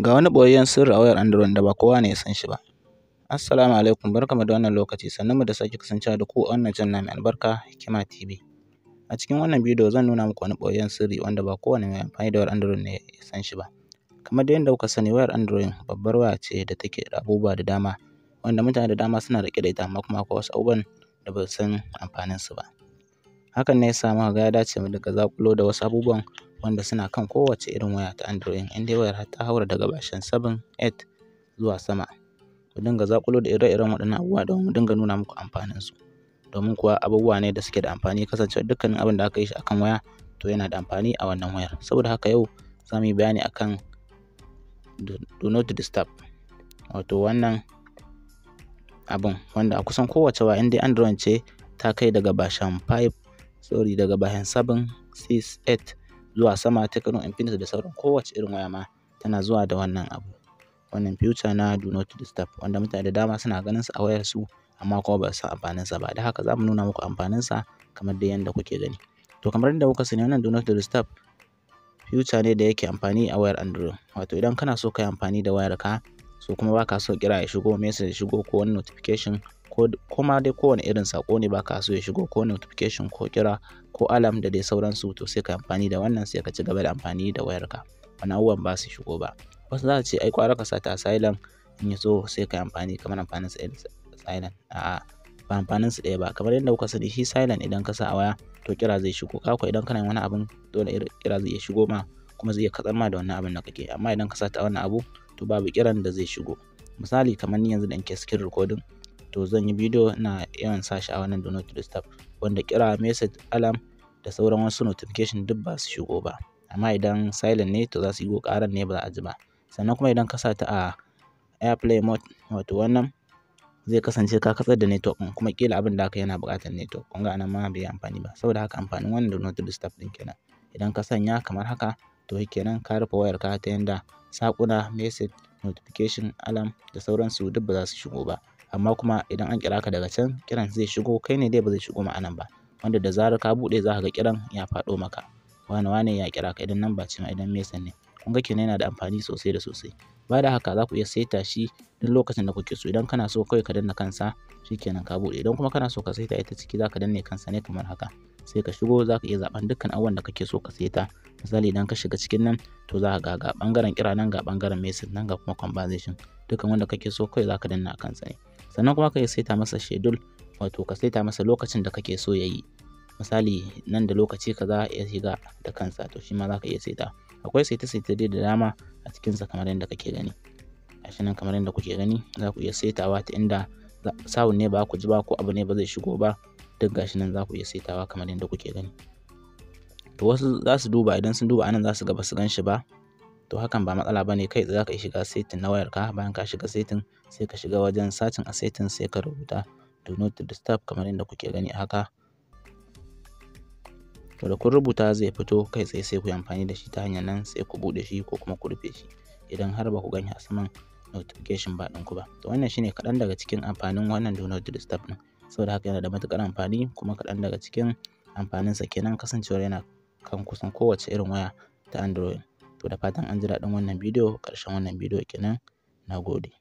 Ga wani ɓoyayyen sirri a wayar Android da ba kowa ne ya san shi ba. Assalamu alaikum, barkamu da wannan lokaci, sannunmu da sake kasancewa da ku a wannan channel mai albarka Hikima TV. A cikin wannan bidiyo zan nuna muku wani ɓoyayyen sirri wanda ba kowane mai amfani da wayar Android ne ya san shi ba. Kamar dai yadda kuka sani wayar Android babbar waya ce da take da abubuwa da dama wanda mutane da dama suna riƙe da ita amma kuma akwai wasu abubuwan da ba su san amfaninsu ba. Hakan ne ya sa muka ga ya dace mu dinga zaƙulo da wasu abubuwan wanda suna kan kowace irin waya ta Android in dai wayar ta haura daga version 7, 8 zuwa sama. Ku dinga zaƙulo da ire-iren waɗannan abubuwa domin mu dinga nuna muku amfanin su Domin kuwa abubuwa ne da suke da amfani kasancewar dukkanin abin da aka yi shi akan waya to yana da amfani a wannan wayar. Saboda haka yau za mu yi bayani akan do not disturb wato wannan abun wanda a kusan kowace waya in dai Android ce ta kai daga version 5 sorry daga version 7, 6, 8 zuwa sama ta kano Infinix da sauran kowace irin waya ma tana zuwa da wannan abu. Wannan future na Do Not Disturb wanda mutane da dama suna ganin su a wayar su amma kuma ba su amfanin sa ba. da haka za nuna muku amfanin sa kamar dai yadda kuke gani. To kamar yadda kuka sani wannan Do Not Disturb future ne da yake amfani a wayar Android. Wato idan kana so ka yi amfani da wayar ka so kuma baka so kira ya shigo, message ya shigo ko wani notification ko ma dai kowane irin sako ne baka so ya shigo ko notification ko kira ko alam da dai sauransu to sai ka amfani da wannan sai ka ci gaba da amfani da wayarka wani abubuwan ba su shigo ba wasu za a ce ai kwara ka sata asylum in ya so sai ka amfani kamar amfanin su silent a'a ba amfanin su ɗaya ba kamar yadda kuka sani shi silent idan ka sa a waya to kira zai shigo kako idan kana wani abin dole kira zai shigo ma kuma zai iya katsar ma da wannan abin na kake amma idan ka sata wani abu to babu kiran da zai shigo misali kamar ni yanzu da nke screen recording to zan yi bidiyo ina yawan sa shi a wannan do not disturb wanda kira message alarm da sauran wasu notification duk ba su shigo ba amma idan silent ne to za su yi ƙaran ne ba za a ji ba sannan kuma idan ka sa ta a airplay mode wato wannan zai kasance ka katsar da network ɗin kuma kila abin da haka yana buƙatar network kun ga anan ma bai amfani ba saboda haka amfanin wannan do not disturb ɗin kenan idan ka sanya kamar haka to kenan ka rufe wayarka ta yanda saƙuna message notification alarm da sauransu duk ba za su shigo ba amma kuma idan an kiraka daga can kiran zai shigo kai ne dai ba zai shigo ma'anan ba wanda da zarar ka buɗe za ka ga kiran ya faɗo maka wane wane ya kira ka idan nan ba ce ma idan mesan ne kun ga kenan yana da amfani sosai da sosai ba da haka za ku iya saita shi duk lokacin da kuke so idan kana so kawai ka danna kansa shikenan ka buɗe idan kuma kana so ka saita ita ciki za ka danne kansa ne kamar haka sai ka shigo za ka iya zaben dukkan abubuwan da kake so ka saita misali idan ka shiga cikin nan to za ka ga ga ɓangaren kira nan ga bangaren mesin nan ga kuma conversation dukkan wanda kake so kawai za ka danna kansa ne sannan kuma ka iya saita masa shedul wato ka saita masa lokacin da kake so ya yi misali nan da lokaci kaza ya shiga da kansa to shi ma za ka iya saita akwai saita-saita dai da dama a cikinsa kamar yadda kake gani gashi nan kamar yadda kuke gani za ku iya saitawa ta inda sawun ne ba ku ji ba ko abu ne ba zai shigo ba duk gashi nan za ku iya saitawa kamar yadda kuke gani to wasu za su duba idan sun duba anan za su ga ba su gan shi ba to hakan ba matsala bane kai za ka shiga setting na wayarka bayan ka shiga setting sai ka shiga wajen sacin a setting sai ka rubuta do not disturb kamar yadda kuke gani a haka to da kun rubuta zai fito kai tsaye sai ku yi amfani da shi ta hanyar nan sai ku buɗe shi ko kuma ku rufe shi idan har ba ku gani a saman notification ba ɗinku ba to wannan shine kaɗan daga cikin amfanin wannan do not disturb ɗin saboda haka yana da matuƙar amfani kuma kaɗan daga cikin amfaninsa kenan kasancewar yana kan kusan kowace irin waya ta android To da fatan an ji daɗin wannan bidiyo, ƙarshen wannan bidiyo kenan. Na gode.